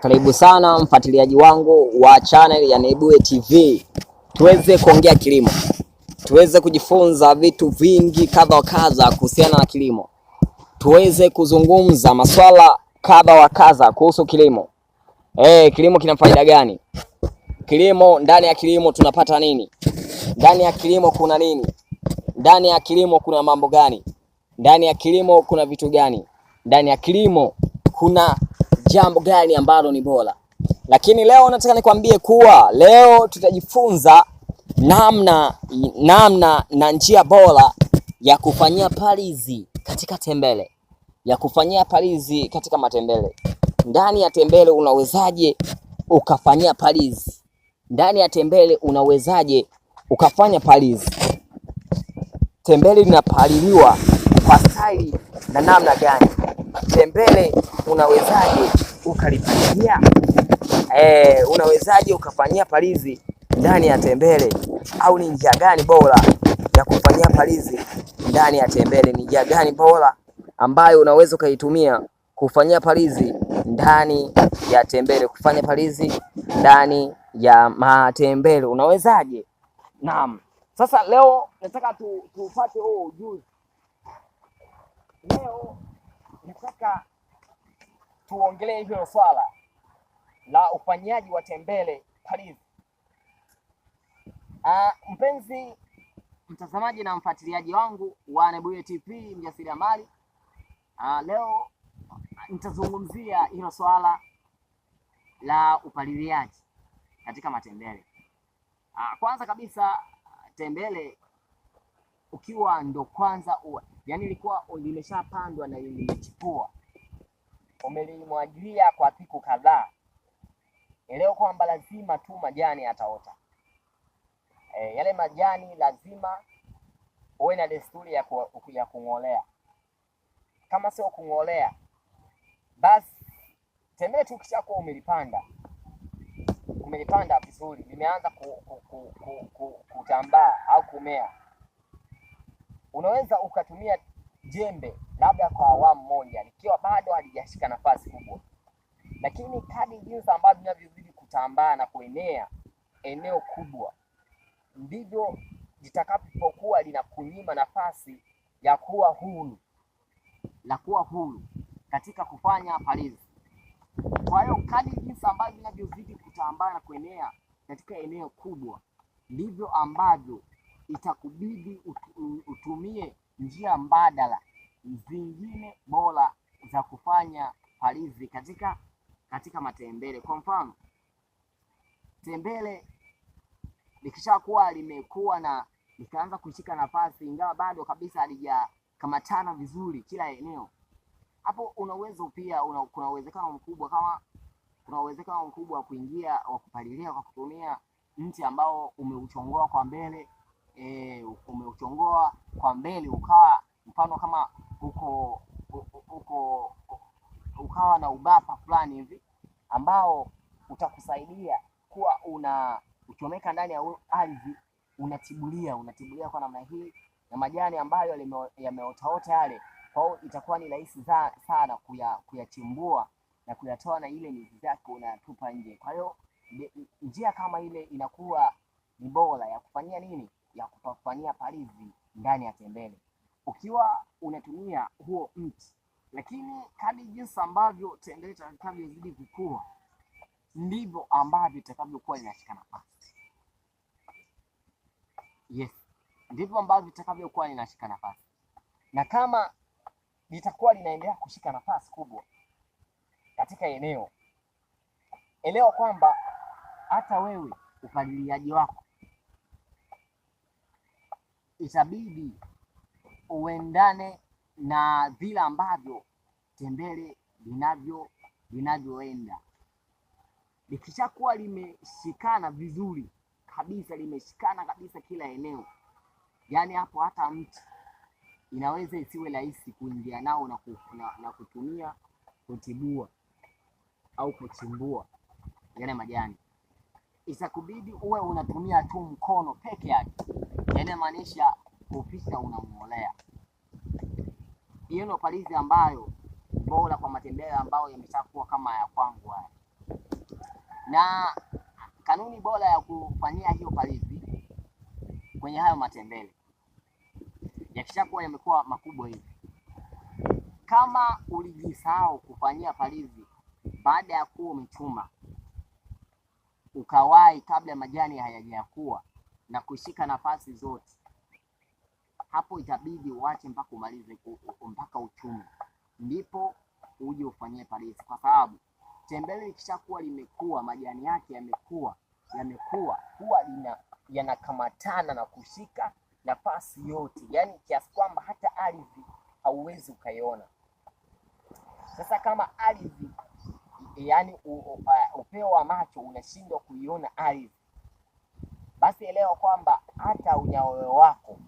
Karibu sana mfuatiliaji wangu wa channel ya Nebuye TV, tuweze kuongea kilimo, tuweze kujifunza vitu vingi kadha wa kadha kuhusiana na kilimo, tuweze kuzungumza maswala kadha wa kadha kuhusu kilimo. Hey, eh, kilimo kina faida gani? Kilimo, ndani ya kilimo tunapata nini? Ndani ya kilimo kuna nini? Ndani ya kilimo kuna mambo gani? Ndani ya kilimo kuna vitu gani? Ndani ya kilimo kuna jambo gani ambalo ni bora. Lakini leo nataka nikwambie kuwa leo tutajifunza namna namna na njia bora ya kufanyia palizi katika tembele, ya kufanyia palizi katika matembele. Ndani ya tembele unawezaje ukafanyia palizi? Ndani ya tembele unawezaje ukafanya palizi? Tembele linapaliliwa kwa staili na namna gani? Tembele unawezaje ukalipalilia eh, unawezaje ukafanyia palizi ndani ya tembele, au ni njia gani bora ya kufanyia palizi ndani ya tembele? Ni njia gani bora ambayo unaweza ukaitumia kufanyia palizi ndani ya tembele, kufanya palizi ndani ya matembele unawezaje? Naam, sasa leo nataka tu, tupate huo ujuzi leo nataka tuongelee hilo swala la ufanyaji wa tembele palizi. Uh, ah, mpenzi mtazamaji na mfuatiliaji wangu wa Nebuye TV mjasiriamali, uh, leo nitazungumzia hilo swala la upaliliaji katika matembele. Uh, kwanza kabisa tembele ukiwa ndo kwanza uwa, yani ilikuwa limeshapandwa na limechipua umelimwagilia kwa siku kadhaa, elewa kwamba lazima tu majani yataota. E, yale majani lazima uwe na desturi ya, ku, ya kung'olea. Kama sio kung'olea, basi tembee tu, kishakuwa umelipanda umelipanda vizuri, limeanza ku, ku, ku, ku, ku, kutambaa au kumea, unaweza ukatumia jembe labda kwa awamu moja, nikiwa bado halijashika nafasi kubwa, lakini kadi jinsi ambavyo vinavyozidi kutambaa na kuenea eneo kubwa, ndivyo litakapokuwa linakunyima nafasi ya kuwa huru, la kuwa huru katika kufanya palizi. Kwa hiyo kadi jinsi ambavyo vinavyozidi kutambaa na kuenea katika eneo kubwa, ndivyo ambavyo itakubidi utumie njia mbadala zingine bora za kufanya palizi katika katika matembele. Kwa mfano, tembele likishakuwa limekuwa na likaanza kushika nafasi, ingawa bado kabisa halijakamatana vizuri kila eneo, hapo una uwezo pia una, kuna uwezekano mkubwa kama kuna uwezekano mkubwa wa kuingia wa kupalilia kwa kutumia mti ambao umeuchongoa kwa mbele e, umeuchongoa kwa mbele ukawa mfano kama uko uko ukawa na ubapa fulani hivi ambao utakusaidia kuwa una uchomeka ndani ya ardhi, unatibulia unatibulia kwa namna hii, na majani ambayo yameotaota yale, kwa hiyo itakuwa ni rahisi sana kuyachimbua na kuyatoa, na ile mizizi yake unatupa nje. Kwa hiyo njia kama ile inakuwa ni bora ya kufanyia nini ya kupafania palizi ndani ya tembele, ukiwa unatumia huo mti. Lakini kadi jinsi ambavyo tembele itakavyozidi kukua, ndivyo ambavyo itakavyokuwa inashika nafasi. Yes, ndivyo ambavyo itakavyokuwa inashika nafasi, na kama litakuwa linaendelea kushika nafasi kubwa katika eneo, elewa kwamba hata wewe upaliliaji wako itabidi uendane na vile ambavyo tembele linavyo linavyoenda. Likishakuwa limeshikana vizuri kabisa, limeshikana kabisa kila eneo, yaani hapo hata mti inaweza isiwe rahisi kuingia nao na, na, na kutumia kutibua au kuchimbua yale majani itakubidi uwe unatumia tu mkono peke yake, yaani maanisha ufisa unamuolea. Hiyo ndio palizi ambayo bora kwa matembele ambayo yameshakuwa kama ya kwangu haya, na kanuni bora ya kufanyia hiyo palizi kwenye hayo matembele yakishakuwa yamekuwa makubwa hivi, kama ulijisahau kufanyia palizi baada ya kuwa umechuma ukawai kabla majani hayajakuwa na kushika nafasi zote, hapo itabidi uache mpaka umalize mpaka uchumi, ndipo uje ufanyie palizi, kwa sababu tembele likishakuwa limekuwa majani yake yamekuwa yamekuwa huwa yanakamatana na kushika nafasi yote, yani kiasi kwamba hata ardhi hauwezi ukaiona. Sasa kama ardhi yani uh, upeo wa macho unashindwa kuiona ardhi, basi elewa kwamba hata unyayo wako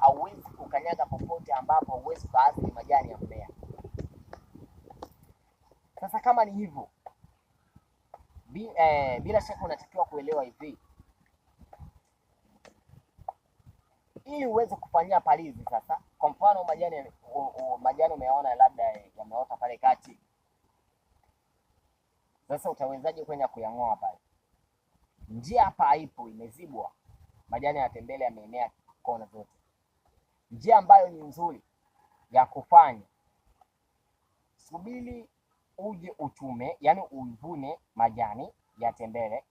hauwezi kukanyaga popote ambapo hauwezi kuathiri majani ya mmea. Sasa kama ni hivyo bi, eh, bila shaka unatakiwa kuelewa hivi, ili uweze kufanyia palizi. Sasa kwa mfano majani, majani umeona labda yameota pale kati sasa utawezaje kwenda kuyang'oa pale? Njia hapa haipo, imezibwa, majani ya tembele yameenea kona zote. Njia ambayo ni nzuri ya kufanya, subiri uje utume, yani uivune majani ya tembele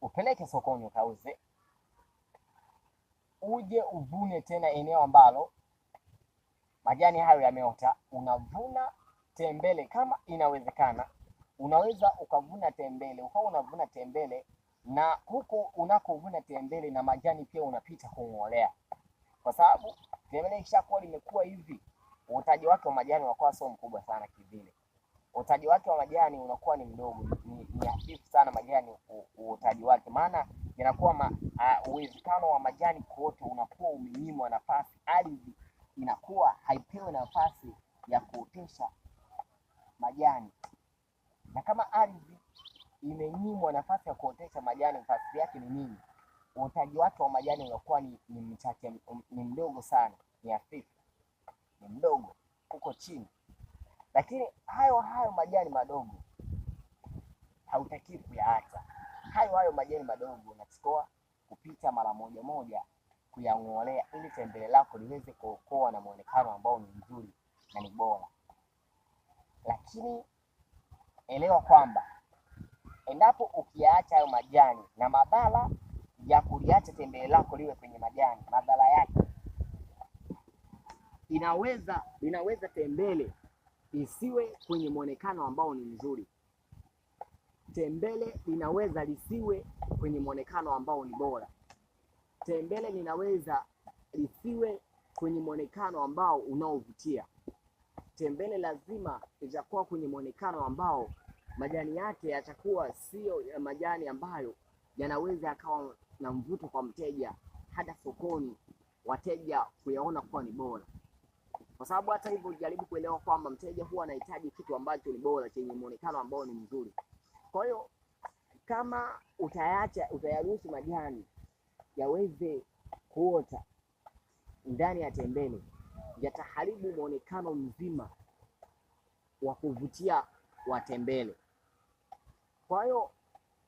upeleke sokoni ukauze, uje uvune tena eneo ambalo majani hayo yameota, unavuna tembele kama inawezekana unaweza ukavuna tembele ukawa unavuna tembele, na huku unakovuna tembele na majani pia unapita kung'olea, kwa sababu tembele ikishakuwa limekuwa hivi, utaji wake wa majani unakuwa sio mkubwa sana kivile, utaji wake wa majani unakuwa ni mdogo, ni, ni hafifu sana majani utaji wake, maana inakuwa ma, uh, uwezekano wa majani kuota unakuwa umenyimwa nafasi, ardhi inakuwa haipewi nafasi ya kuotesha majani na kama ardhi imenyimwa nafasi ya kuotesha majani, nafasi yake ni nini? Uotaji wake wa majani unakuwa ni, ni mchache, ni mdogo sana, ni hafifu, ni mdogo, uko chini. Lakini hayo hayo majani madogo hautakii kuyaacha, hayo hayo majani madogo unachukua kupita mara moja moja kuyang'olea, ili tembele lako liweze kuokoa na muonekano ambao ni mzuri na ni bora, lakini elewa kwamba endapo ukiyaacha hayo majani na madhara ya kuliacha tembele lako liwe kwenye majani, madhara yake inaweza inaweza tembele isiwe kwenye mwonekano ambao ni mzuri, tembele linaweza lisiwe kwenye mwonekano ambao ni bora, tembele linaweza lisiwe kwenye mwonekano ambao unaovutia. Tembele lazima litakuwa kwenye mwonekano ambao majani yake yatakuwa sio ya majani ambayo yanaweza yakawa na mvuto kwa mteja hata sokoni, wateja kuyaona kuwa ni bora, kwa sababu hata hivyo jaribu kuelewa kwamba mteja huwa anahitaji kitu ambacho ni bora chenye muonekano ambao ni mzuri. Kwa hiyo kama utayacha utayaruhusu majani yaweze kuota ndani ya tembele yataharibu muonekano mzima wa kuvutia watembele. Kwa hiyo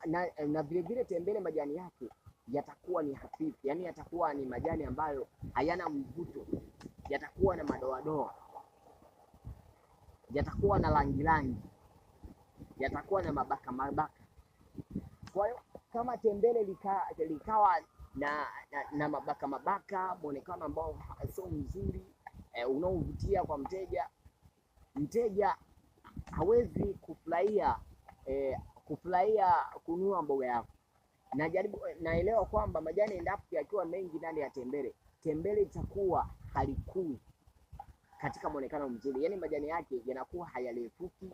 na, na vilevile tembele majani yake yatakuwa ni hafifu, yani yatakuwa ni majani ambayo hayana mvuto, yatakuwa na madoadoa, yatakuwa na rangi rangi, yatakuwa na mabaka mabaka. Kwa hiyo kama tembele lika, likawa na, na, na mabaka mabaka, mwonekano ambao sio mzuri e, unaovutia kwa mteja, mteja hawezi kufurahia e, kufurahia kununua mboga yako. Najaribu naelewa kwamba majani endapo yakiwa mengi ndani ya tembele, tembele itakuwa halikui katika muonekano mzuri, yaani majani yake yanakuwa hayalefuki,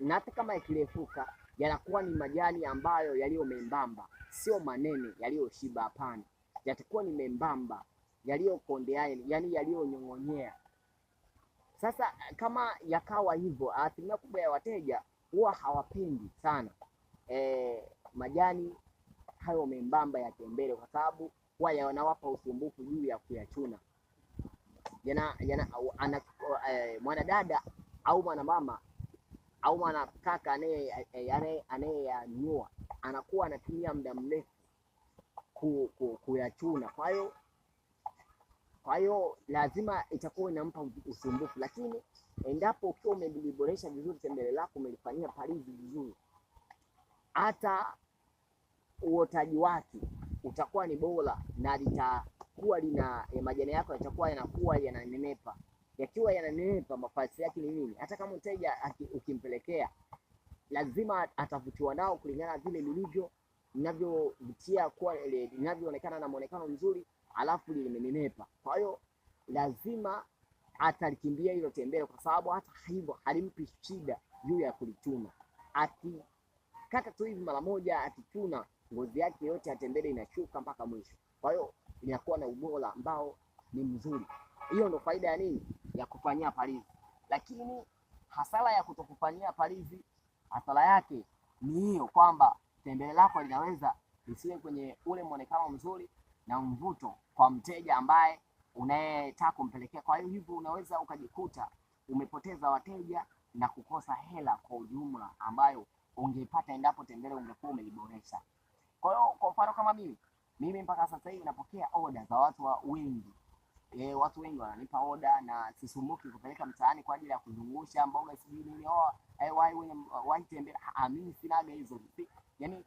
na hata kama yakirefuka yanakuwa ni majani ambayo yaliyo membamba, sio manene yaliyoshiba. Hapana, yatakuwa ni membamba yaliyokondeana, yaani, yaani yaliyonyong'onyea. Sasa kama yakawa hivyo, asilimia kubwa ya wateja huwa hawapendi sana e, majani hayo membamba ya tembele, kwa sababu huwa yanawapa usumbufu juu ya kuyachuna. Yana, yana, ana, e, mwanadada au mwanamama au mwanakaka anayeyanyua eh, anakuwa anatumia muda mrefu kuyachuna ku, kwa hiyo kwa hiyo lazima itakuwa inampa usumbufu, lakini endapo ukiwa umeliboresha vizuri tembele lako, umelifanyia palizi vizuri, hata uotaji wake utakuwa ni bora na litakuwa lina ya majani yako yatakuwa yanakuwa yananenepa. Yakiwa yananenepa, mafasi yake ni nini? Hata kama mteja ukimpelekea, lazima atavutiwa nao kulingana na vile lilivyo linavyovutia, kuwa eh, linavyoonekana na muonekano mzuri, alafu limenenepa lazima atalikimbia hilo tembele, kwa sababu hata hivyo halimpi shida juu ya kulichuna. Akikata tu hivi mara moja, akichuna ngozi yake yote ya tembele inashuka mpaka mwisho, kwa hiyo inakuwa na ubora ambao ni mzuri. Hiyo ndo faida ya nini, ya kufanyia palizi. Lakini hasara ya kutokufanyia palizi, hasara yake ni hiyo kwamba tembele lako linaweza lisiwe kwenye ule mwonekano mzuri na mvuto kwa mteja ambaye unayetaka kumpelekea. Kwa hiyo hivyo unaweza ukajikuta umepoteza wateja na kukosa hela kwa ujumla ambayo ungeipata endapo tembele ungekuwa umeiboresha. Kwa hiyo kwa mfano kama mimi mimi mpaka sasa hivi napokea oda za watu wa wengi e, watu wengi wananipa oda na sisumbuki kupeleka mtaani kwa ajili ya kuzungusha mboga sijui nini oh, hey, eh, wai wenye wai tembele ah, mimi sinaga hizo yani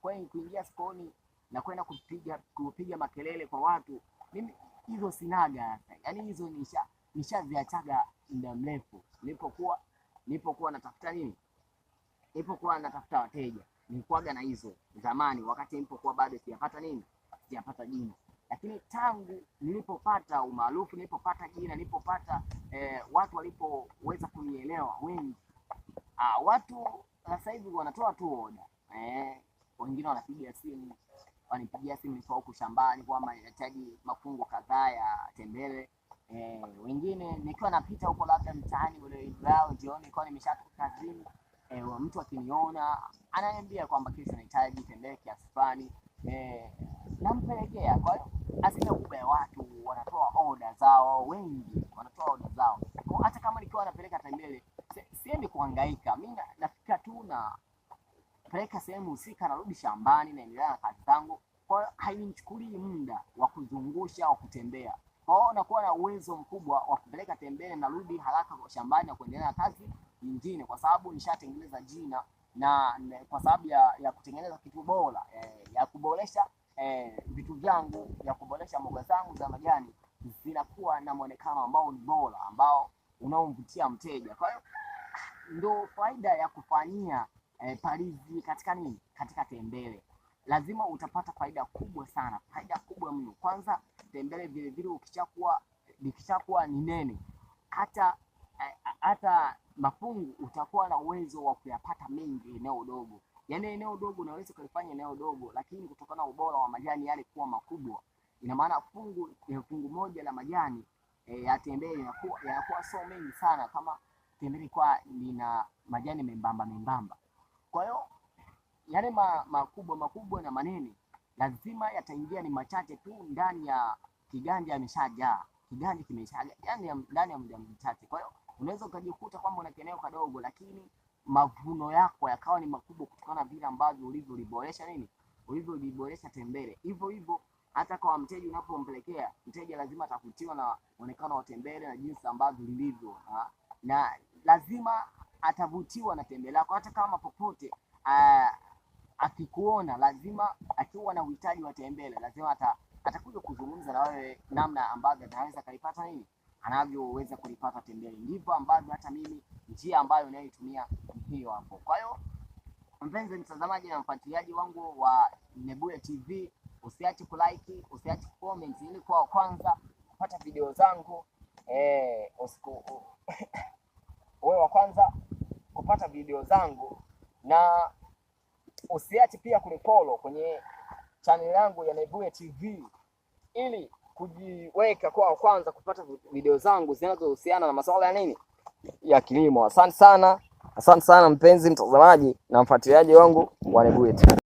kwenye kuingia sokoni na kwenda kupiga kupiga makelele kwa watu mimi hizo sinaga, yaani hizo nisha nishaziachaga muda mrefu. Nilipokuwa nilipokuwa natafuta nini, nilipokuwa natafuta wateja nilikuwaga na hizo zamani, wakati nilipokuwa bado sijapata nini, sijapata jina. Lakini tangu nilipopata umaarufu, nilipopata jina, nilipopata eh, watu walipoweza kunielewa wengi, ah, watu sasa hivi wanatoa tu oda eh, wengine wanapiga simu wanipigia simu nikiwa huku shambani kwamba ninahitaji mafungu kadhaa ya tembele e, wengine nikiwa napita huko labda mtaani ule ibrao jioni nikiwa nimeshafika kazini e, mtu akiniona ananiambia kwamba kesho nahitaji tembele kiasi fulani e, nampelekea. Kwa hiyo kubwa ya watu wanatoa oda zao, wengi wanatoa oda zao. Kwa hata kama nikiwa napeleka tembele, siendi kuhangaika, mi nafika tu na peleka sehemu husika, narudi shambani, naendelea na kazi zangu. Kwa hiyo hainichukulii muda wa kuzungusha au kutembea. Kwa hiyo nakuwa na uwezo mkubwa wa kupeleka tembele, narudi haraka shambani na kuendelea na kazi nyingine, kwa sababu nishatengeneza jina na, kwa sababu ya, ya kutengeneza kitu bora eh, ya kuboresha eh, vitu vyangu ya kuboresha mboga zangu za majani zinakuwa na mwonekano ambao ni bora ambao unaomvutia mteja. Kwa hiyo ndo faida ya kufanyia eh, palizi katika nini, katika tembele, lazima utapata faida kubwa sana, faida kubwa mno. Kwanza tembele vile vile ukishakuwa likishakuwa ni nene, hata eh, hata mafungu utakuwa na uwezo wa kuyapata mengi eneo dogo. Yaani eneo dogo unaweza kulifanya eneo dogo, lakini kutokana na ubora wa majani yale kuwa makubwa, ina maana fungu ya eh, fungu moja la majani e, ya tembele yanakuwa yanakuwa so mengi sana, kama tembele kwa lina majani membamba membamba. Kwa hiyo yale ma, makubwa makubwa na manene lazima yataingia, ni machache tu ndani ya kiganja, ameshajaa kiganja, kimeshajaa yani ndani ya muda mchache. Kwa hiyo unaweza ukajikuta kwamba una kieneo kadogo, lakini mavuno yako yakawa ni makubwa kutokana na vile ambavyo ulivyoliboresha nini, ulivyoliboresha tembele. Hivyo hivyo hata kwa mteja unapompelekea mteja, lazima atakutiwa na muonekano wa tembele na jinsi ambavyo lilivyo na, na lazima atavutiwa na tendo lako, hata kama popote uh, akikuona lazima, akiwa na uhitaji wa tembele, lazima ata, atakuja kuzungumza na wewe namna ambavyo anaweza kalipata nini anavyoweza kulipata tembele. Ndivyo ambavyo hata mimi njia ambayo inayoitumia hiyo hapo. Kwa hiyo mpenzi mtazamaji na mfuatiliaji wangu wa Nebuye TV, usiache kulike, usiache kucomment ili kwa kwanza kupata video zangu eh, usiku wewe wa kwanza kupata video zangu, na usiache pia kunifollow kwenye chaneli yangu ya Nebuye TV ili kujiweka kwa kwanza kupata video zangu zinazohusiana na masuala ya nini ya kilimo. Asante sana, asante sana mpenzi mtazamaji na mfuatiliaji wangu wa Nebuye TV.